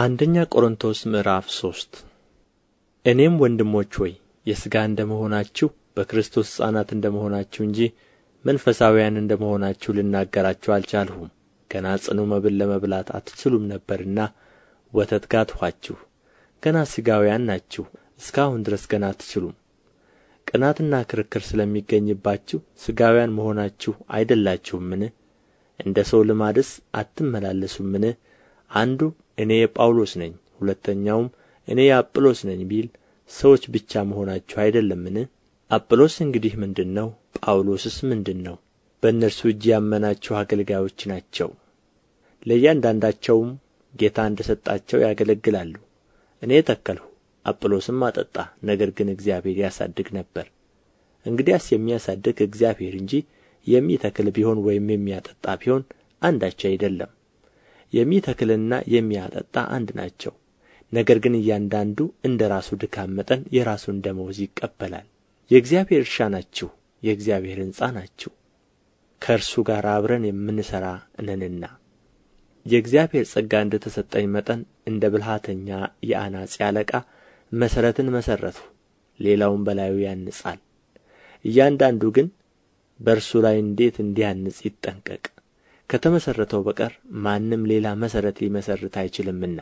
አንደኛ ቆሮንቶስ ምዕራፍ ሶስት እኔም ወንድሞች ሆይ የሥጋ እንደመሆናችሁ በክርስቶስ ሕፃናት እንደመሆናችሁ እንጂ መንፈሳውያን እንደመሆናችሁ ልናገራችሁ አልቻልሁም። ገና ጽኑ መብል ለመብላት አትችሉም ነበርና ወተት ጋትኋችሁ። ገና ሥጋውያን ናችሁ፣ እስካሁን ድረስ ገና አትችሉም። ቅናትና ክርክር ስለሚገኝባችሁ ሥጋውያን መሆናችሁ አይደላችሁምን? እንደ ሰው ልማድስ አትመላለሱምን? አንዱ እኔ የጳውሎስ ነኝ ሁለተኛውም እኔ የአጵሎስ ነኝ ቢል ሰዎች ብቻ መሆናችሁ አይደለምን አጵሎስ እንግዲህ ምንድን ነው ጳውሎስስ ምንድን ነው በእነርሱ እጅ ያመናችሁ አገልጋዮች ናቸው ለእያንዳንዳቸውም ጌታ እንደ ሰጣቸው ያገለግላሉ እኔ ተከልሁ አጵሎስም አጠጣ ነገር ግን እግዚአብሔር ያሳድግ ነበር እንግዲያስ የሚያሳድግ እግዚአብሔር እንጂ የሚተክል ቢሆን ወይም የሚያጠጣ ቢሆን አንዳች አይደለም የሚተክልና የሚያጠጣ አንድ ናቸው። ነገር ግን እያንዳንዱ እንደ ራሱ ድካም መጠን የራሱን ደመወዝ ይቀበላል። የእግዚአብሔር እርሻ ናችሁ፣ የእግዚአብሔር ሕንፃ ናችሁ፣ ከእርሱ ጋር አብረን የምንሠራ ነንና። የእግዚአብሔር ጸጋ እንደ ተሰጠኝ መጠን እንደ ብልሃተኛ የአናጺ አለቃ መሠረትን መሠረቱ፣ ሌላውም በላዩ ያንጻል። እያንዳንዱ ግን በእርሱ ላይ እንዴት እንዲያንጽ ይጠንቀቅ። ከተመሠረተው በቀር ማንም ሌላ መሠረት ሊመሠርት አይችልምና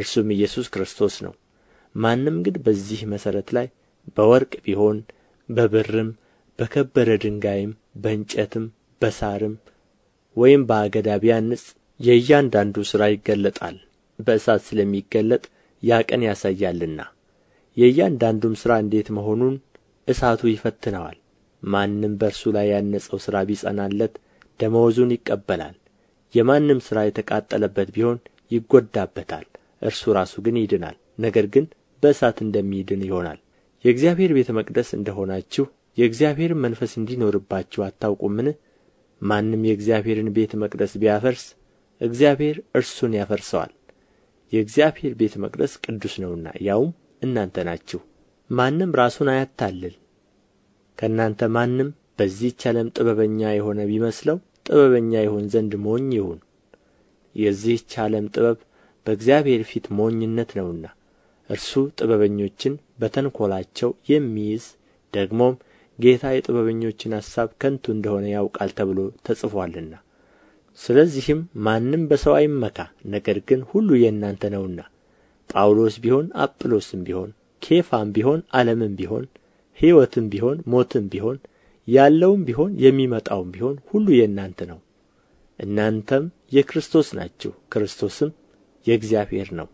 እርሱም ኢየሱስ ክርስቶስ ነው ማንም ግን በዚህ መሠረት ላይ በወርቅ ቢሆን በብርም በከበረ ድንጋይም በእንጨትም በሳርም ወይም በአገዳ ቢያንጽ የእያንዳንዱ ሥራ ይገለጣል በእሳት ስለሚገለጥ ያ ቀን ያሳያልና የእያንዳንዱም ሥራ እንዴት መሆኑን እሳቱ ይፈትነዋል ማንም በእርሱ ላይ ያነጸው ሥራ ቢጸናለት ደመወዙን ይቀበላል የማንም ሥራ የተቃጠለበት ቢሆን ይጐዳበታል እርሱ ራሱ ግን ይድናል ነገር ግን በእሳት እንደሚድን ይሆናል የእግዚአብሔር ቤተ መቅደስ እንደ ሆናችሁ የእግዚአብሔርም መንፈስ እንዲኖርባችሁ አታውቁምን ማንም የእግዚአብሔርን ቤተ መቅደስ ቢያፈርስ እግዚአብሔር እርሱን ያፈርሰዋል የእግዚአብሔር ቤተ መቅደስ ቅዱስ ነውና ያውም እናንተ ናችሁ ማንም ራሱን አያታልል ከእናንተ ማንም በዚች ዓለም ጥበበኛ የሆነ ቢመስለው ጥበበኛ ይሆን ዘንድ ሞኝ ይሁን የዚህች ዓለም ጥበብ በእግዚአብሔር ፊት ሞኝነት ነውና እርሱ ጥበበኞችን በተንኰላቸው የሚይዝ ደግሞም ጌታ የጥበበኞችን ሐሳብ ከንቱ እንደሆነ ያውቃል ተብሎ ተጽፏልና ስለዚህም ማንም በሰው አይመካ ነገር ግን ሁሉ የእናንተ ነውና ጳውሎስ ቢሆን አጵሎስም ቢሆን ኬፋም ቢሆን ዓለምም ቢሆን ሕይወትም ቢሆን ሞትም ቢሆን ያለውም ቢሆን የሚመጣውም ቢሆን ሁሉ የእናንተ ነው እናንተም የክርስቶስ ናችሁ ክርስቶስም የእግዚአብሔር ነው